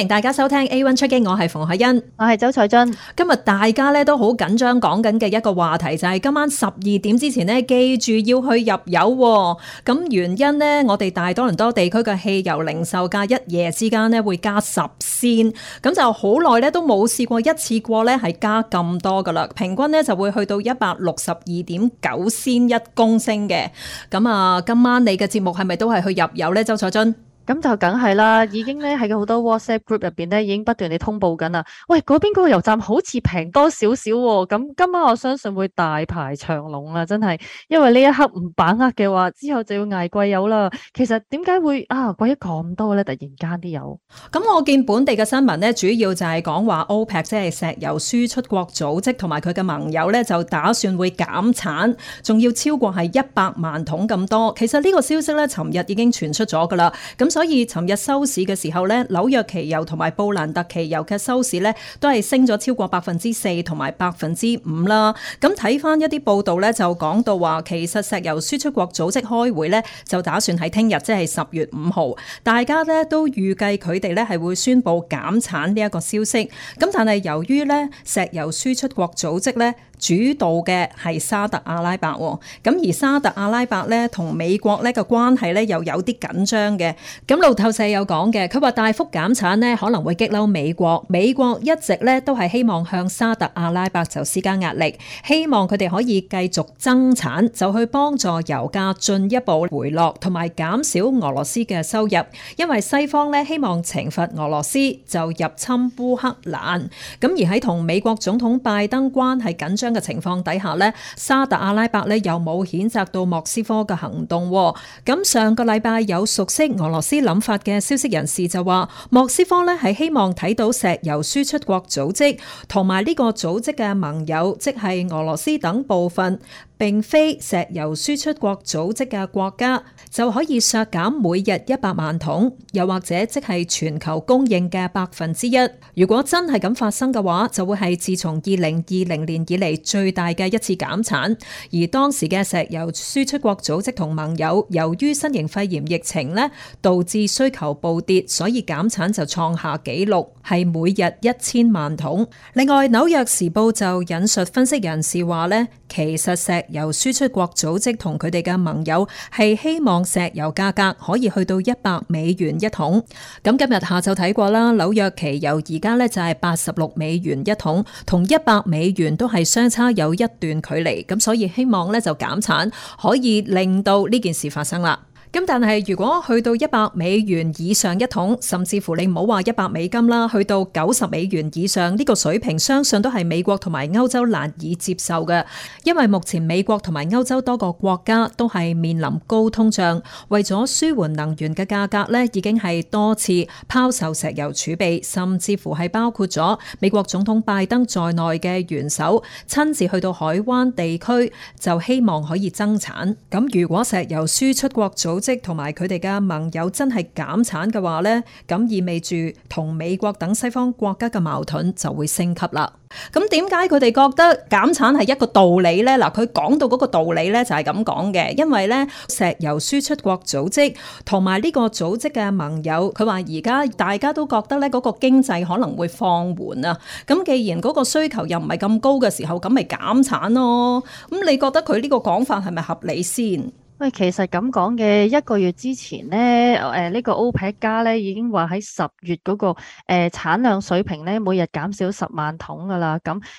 歡迎大家收聽 A1 出擊，我係馮海欣，我係周彩珍。今日大家咧都好緊張，講緊嘅一個話題就係今晚十二點之前呢記住要去入油。咁原因呢，我哋大多倫多地區嘅汽油零售價一夜之間呢會加十仙，咁就好耐咧都冇試過一次過咧係加咁多噶啦。平均呢就會去到一百六十二點九仙一公升嘅。咁啊，今晚你嘅節目係咪都係去入油呢？周彩珍？咁就梗係啦，已經咧喺好多 WhatsApp group 入邊咧，已經不斷地通報緊啦。喂，嗰邊嗰個油站好似平多少少喎。咁今晚我相信會大排長龍啦，真係，因為呢一刻唔把握嘅話，之後就要捱貴油啦。其實點解會啊貴咗咁多咧？突然間啲油。咁、嗯、我見本地嘅新聞咧，主要就係講話 OPEC 即係石油輸出國組織同埋佢嘅盟友咧，就打算會減產，仲要超過係一百萬桶咁多。其實呢個消息咧，尋日已經傳出咗噶啦。咁所以，尋日收市嘅時候呢，紐約期油同埋布蘭特期油嘅收市呢，都係升咗超過百分之四同埋百分之五啦。咁睇翻一啲報道呢，就講到話，其實石油輸出國組織開會呢，就打算喺聽日，即係十月五號，大家呢都預計佢哋呢係會宣布減產呢一個消息。咁但係由於呢石油輸出國組織呢。主導嘅係沙特阿拉伯，咁而沙特阿拉伯呢，同美國呢個關係呢，又有啲緊張嘅。咁路透社有講嘅，佢話大幅減產呢可能會激嬲美國，美國一直呢都係希望向沙特阿拉伯就施加壓力，希望佢哋可以繼續增產，就去幫助油價進一步回落同埋減少俄羅斯嘅收入，因為西方呢，希望懲罰俄羅斯就入侵烏克蘭，咁而喺同美國總統拜登關係緊張嘅情況底下呢，沙特阿拉伯呢又冇譴責到莫斯科嘅行動。咁上個禮拜有熟悉俄羅斯諗法嘅消息人士就話，莫斯科呢係希望睇到石油輸出國組織同埋呢個組織嘅盟友，即係俄羅斯等部分，並非石油輸出國組織嘅國家，就可以削減每日一百萬桶，又或者即係全球供應嘅百分之一。如果真係咁發生嘅話，就會係自從二零二零年以嚟，最大嘅一次減產，而當時嘅石油輸出國組織同盟友由於新型肺炎疫情咧，導致需求暴跌，所以減產就創下紀錄，係每日一千萬桶。另外，《紐約時報》就引述分析人士話咧，其實石油輸出國組織同佢哋嘅盟友係希望石油價格可以去到一百美元一桶。咁今日下晝睇過啦，紐約期油而家咧就係八十六美元一桶，同一百美元都係相。差有一段距離，咁所以希望咧就減產可以令到呢件事發生啦。咁但係如果去到一百美元以上一桶，甚至乎你唔好話一百美金啦，去到九十美元以上呢個水平，相信都係美國同埋歐洲難以接受嘅，因為目前美國同埋歐洲多個國家都係面臨高通脹，為咗舒緩能源嘅價格呢，已經係多次拋售石油儲備，甚至乎係包括咗美國總統拜登在內嘅元首親自去到海灣地區，就希望可以增產。咁如果石油輸出國組組織同埋佢哋嘅盟友真係減產嘅話呢，咁意味住同美國等西方國家嘅矛盾就會升級啦。咁點解佢哋覺得減產係一個道理呢？嗱，佢講到嗰個道理呢，就係咁講嘅，因為呢石油輸出國組織同埋呢個組織嘅盟友，佢話而家大家都覺得呢嗰個經濟可能會放緩啊。咁既然嗰個需求又唔係咁高嘅時候，咁咪減產咯。咁你覺得佢呢個講法係咪合理先？喂，其實咁講嘅一個月之前呢，誒、呃這個、呢個 OPEC 加呢已經話喺十月嗰、那個誒、呃、產量水平呢，每日減少十萬桶㗎喇。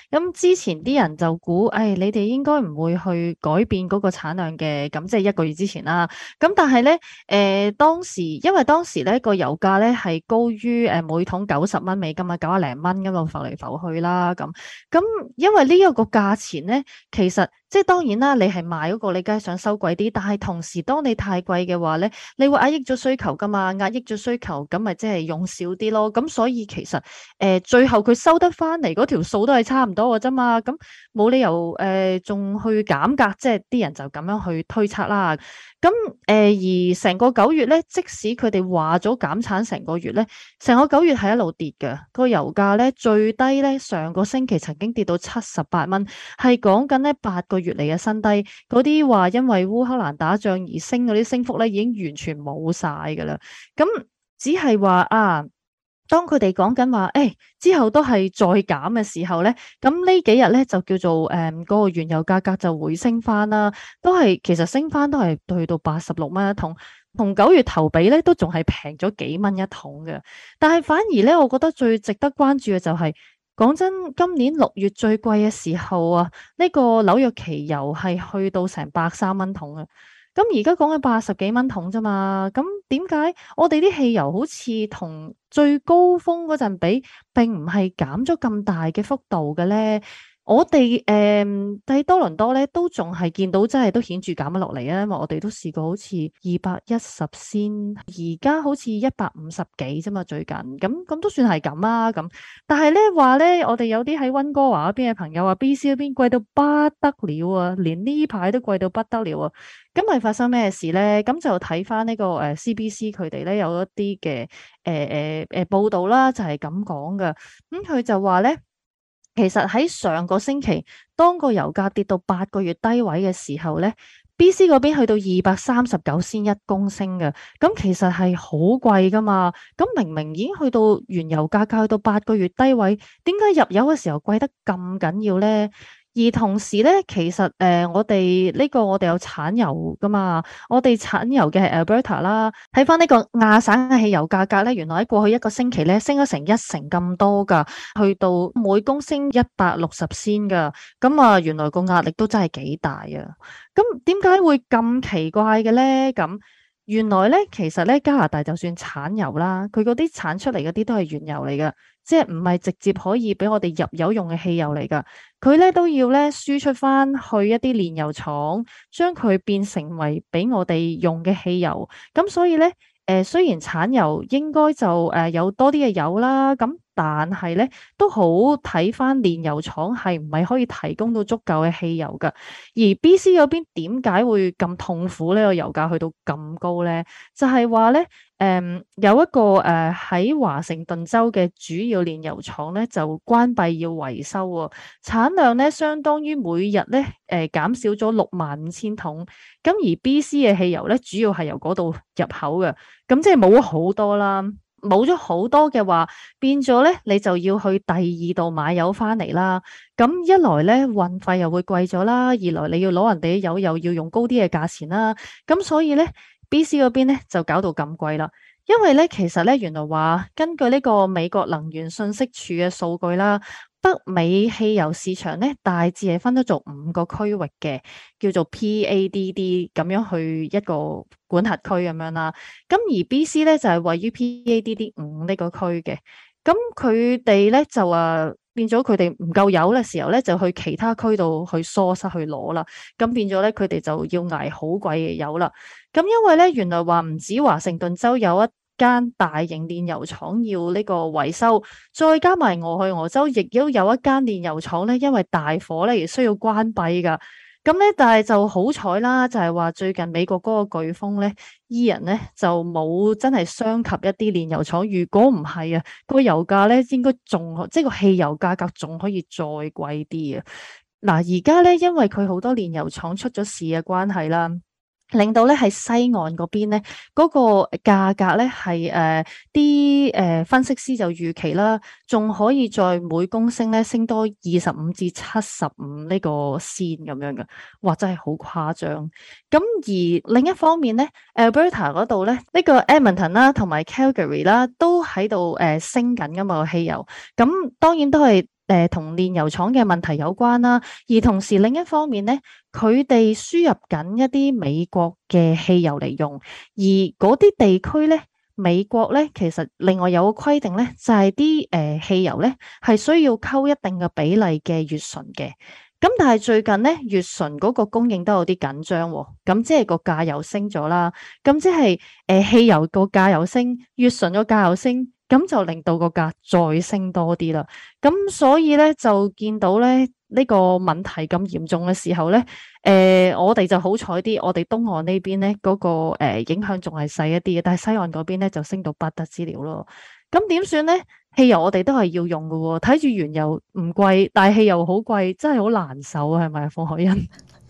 咁之前啲人就估，誒、哎、你哋應該唔會去改變嗰個產量嘅。咁即係一個月之前啦。咁但係呢，誒、呃、當時因為當時呢個油價呢係高於誒每桶九十蚊美金啊，九廿零蚊咁樣浮嚟浮去啦。咁咁因為呢一個價錢呢，其實。即係當然啦，你係賣嗰個，你梗係想收貴啲。但係同時，當你太貴嘅話咧，你會壓抑咗需求噶嘛？壓抑咗需求，咁咪即係用少啲咯。咁所以其實誒、呃，最後佢收得翻嚟嗰條數都係差唔多嘅啫嘛。咁冇理由誒仲、呃、去減價，即係啲人就咁樣去推測啦。咁誒、呃、而成個九月咧，即使佢哋話咗減產成個月咧，成個九月係一路跌噶。個油價咧最低咧上個星期曾經跌到七十八蚊，係講緊咧八個。越嚟嘅新低，嗰啲話因為烏克蘭打仗而升嗰啲升幅咧，已經完全冇晒噶啦。咁只係話啊，當佢哋講緊話，誒、欸、之後都係再減嘅時候咧，咁呢幾日咧就叫做誒，嗰、嗯嗰個原油價格就回升翻啦。都係其實升翻都係去到八十六蚊一桶，同九月頭比咧都仲係平咗幾蚊一桶嘅。但係反而咧，我覺得最值得關注嘅就係、是。講真，今年六月最貴嘅時候啊，呢個紐約期油係去到成百三蚊桶啊，咁而家講緊八十幾蚊桶啫嘛，咁點解我哋啲汽油好似同最高峰嗰陣比，並唔係減咗咁大嘅幅度嘅咧？我哋誒，喺、嗯、多倫多咧，都仲係見到真係都顯著減咗落嚟啊！因為我哋都試過好似二百一十仙，而家好似一百五十幾啫嘛，最近咁咁都算係咁啊咁。但係咧話咧，我哋有啲喺溫哥華嗰邊嘅朋友話，B C 嗰邊貴到不得了啊，連呢排都貴到不得了啊！咁係發生咩事咧？咁就睇返呢個誒 C B C 佢哋咧有一啲嘅誒誒誒報道啦，就係咁講噶。咁、嗯、佢就話咧。其實喺上個星期，當個油價跌到八個月低位嘅時候呢 BC 嗰邊去到二百三十九先一公升嘅，咁其實係好貴噶嘛。咁明明已經去到原油價格去到八個月低位，點解入油嘅時候貴得咁緊要呢？而同時咧，其實誒、呃，我哋呢個我哋有產油噶嘛，我哋產油嘅係 Alberta 啦。睇返呢個亞省嘅汽油價格咧，原來喺過去一個星期咧升咗成一成咁多噶，去到每公升一百六十仙噶。咁啊，原來個壓力都真係幾大啊。咁點解會咁奇怪嘅咧？咁？原來咧，其實咧加拿大就算產油啦，佢嗰啲產出嚟嗰啲都係原油嚟噶，即係唔係直接可以俾我哋入油用嘅汽油嚟噶，佢咧都要咧輸出返去一啲煉油廠，將佢變成為俾我哋用嘅汽油。咁所以咧，誒、呃、雖然產油應該就誒、呃、有多啲嘅油啦，咁。但係咧，都好睇翻煉油廠係唔係可以提供到足夠嘅汽油噶？而 B.C. 嗰邊點解會咁痛苦呢？個油價去到咁高咧？就係話咧，誒、嗯、有一個誒喺華盛頓州嘅主要煉油廠咧就關閉要維修喎，產量咧相當於每日咧誒減少咗六萬五千桶。咁而 B.C. 嘅汽油咧主要係由嗰度入口嘅，咁即係冇好多啦。冇咗好多嘅話，變咗呢，你就要去第二度買油返嚟啦。咁一來呢，運費又會貴咗啦；二來你要攞人哋嘅油，又要用高啲嘅價錢啦。咁所以呢，BC 嗰邊呢就搞到咁貴啦。因為呢，其實呢，原來話根據呢個美國能源信息署嘅數據啦。北美汽油市場咧，大致係分咗做五個區域嘅，叫做 PADD 咁樣去一個管轄區咁樣啦。咁而 BC 咧就係位於 PADD 五呢個區嘅。咁佢哋咧就話，變咗佢哋唔夠油嘅時候咧，就去其他區度去疏失去攞啦。咁變咗咧，佢哋就要捱好貴嘅油啦。咁因為咧，原來話唔止華盛頓州有一。間大型煉油廠要呢個維修，再加埋俄去俄州亦都有一間煉油廠咧，因為大火咧而需要關閉噶。咁咧，但係就好彩啦，就係話最近美國嗰個颶風咧，依人咧就冇真係傷及一啲煉油廠。如果唔係啊，個油價咧應該仲即係個汽油價格仲可以再貴啲啊。嗱，而家咧因為佢好多煉油廠出咗事嘅關係啦。令到咧係西岸嗰邊咧，嗰、那個價格咧係誒啲誒分析師就預期啦，仲可以再每公升咧升多二十五至七十五呢個線咁樣嘅，哇真係好誇張！咁而另一方面咧，Alberta 嗰度咧，呢、這個 Edmonton 啦、啊、同埋 Calgary 啦、啊、都喺度誒升緊噶嘛、這個、汽油，咁當然都係。誒，同煉油廠嘅問題有關啦，而同時另一方面呢，佢哋輸入緊一啲美國嘅汽油嚟用，而嗰啲地區呢，美國呢，其實另外有個規定呢，就係啲誒汽油呢係需要溝一定嘅比例嘅乙醇嘅。咁但係最近呢，乙醇嗰個供應都有啲緊張，哦，咁即係個價又升咗啦。咁即係汽油個價又升，乙醇個價又升，咁就令到個價格再升多啲啦。咁所以呢，就見到咧呢，這個問題咁嚴重嘅時候呢，我哋就好彩啲，我哋東岸呢邊呢，嗰、那個誒、呃、影響仲係細一啲，但係西岸嗰邊呢，就升到不得之了咯。咁點算咧？汽油我哋都係要用嘅喎，睇住原油唔貴，但係汽油好貴，真係好難受啊，係咪啊，方海欣？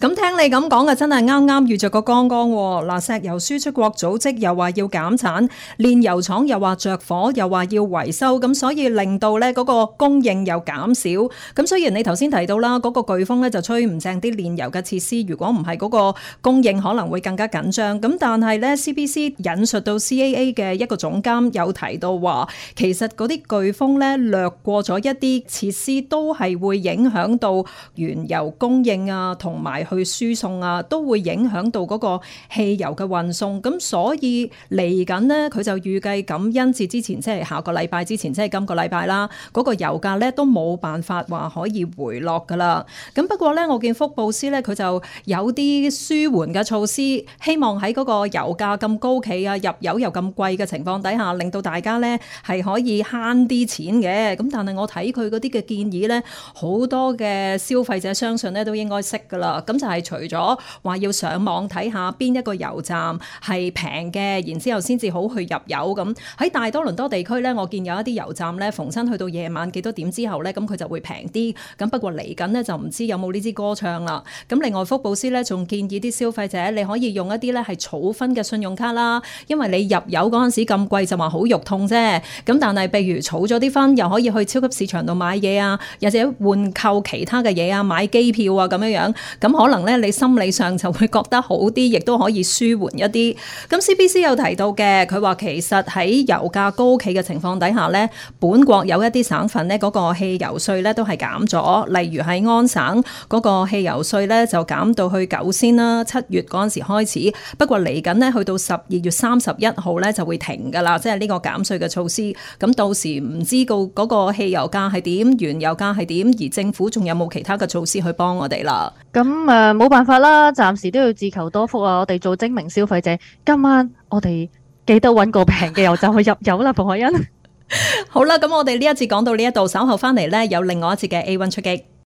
咁聽你咁講嘅真係啱啱遇著個剛剛，嗱，石油輸出國組織又話要減產，煉油廠又話着火，又話要維修，咁所以令到咧嗰個供應又減少。咁雖然你頭先提到啦，嗰個颶風咧就吹唔正啲煉油嘅設施，如果唔係嗰個供應可能會更加緊張。咁但係咧，CBC 引述到 CAA 嘅一個總監有提到話，其實嗰啲颶風咧掠過咗一啲設施，都係會影響到原油供應啊同。同埋去輸送啊，都會影響到嗰個汽油嘅運送，咁所以嚟緊咧，佢就預計感恩節之前即係下個禮拜之前，即係今個禮拜啦，嗰、那個油價咧都冇辦法話可以回落噶啦。咁不過咧，我見福布斯咧，佢就有啲舒緩嘅措施，希望喺嗰個油價咁高企啊，入油又咁貴嘅情況底下，令到大家咧係可以慳啲錢嘅。咁但係我睇佢嗰啲嘅建議咧，好多嘅消費者相信咧都應該識噶啦。咁就係除咗話要上網睇下邊一個油站係平嘅，然之後先至好去入油。咁喺大多倫多地區呢，我見有一啲油站呢，逢親去到夜晚幾多點之後呢，咁佢就會平啲。咁不過嚟緊呢，就唔知有冇呢支歌唱啦。咁另外福布斯呢仲建議啲消費者你可以用一啲呢係儲分嘅信用卡啦，因為你入油嗰陣時咁貴就話好肉痛啫。咁但係譬如儲咗啲分，又可以去超級市場度買嘢啊，又或者換購其他嘅嘢啊，買機票啊咁樣樣。咁可能咧，你心理上就會覺得好啲，亦都可以舒緩一啲。咁 CBC 有提到嘅，佢話其實喺油價高企嘅情況底下，呢本國有一啲省份呢，嗰個汽油稅呢都係減咗。例如喺安省嗰個汽油稅呢就減到去九仙啦，七月嗰陣時開始。不過嚟緊呢，去到十二月三十一號呢就會停㗎啦，即係呢個減稅嘅措施。咁到時唔知道嗰個汽油價係點，原油價係點，而政府仲有冇其他嘅措施去幫我哋啦？咁咁誒，冇、嗯、辦法啦，暫時都要自求多福啊！我哋做精明消費者，今晚我哋記得揾個平嘅油就去入油啦，馮海欣。 好啦，咁、嗯、我哋呢一次講到呢一度，稍後翻嚟呢有另外一次嘅 A one 出擊。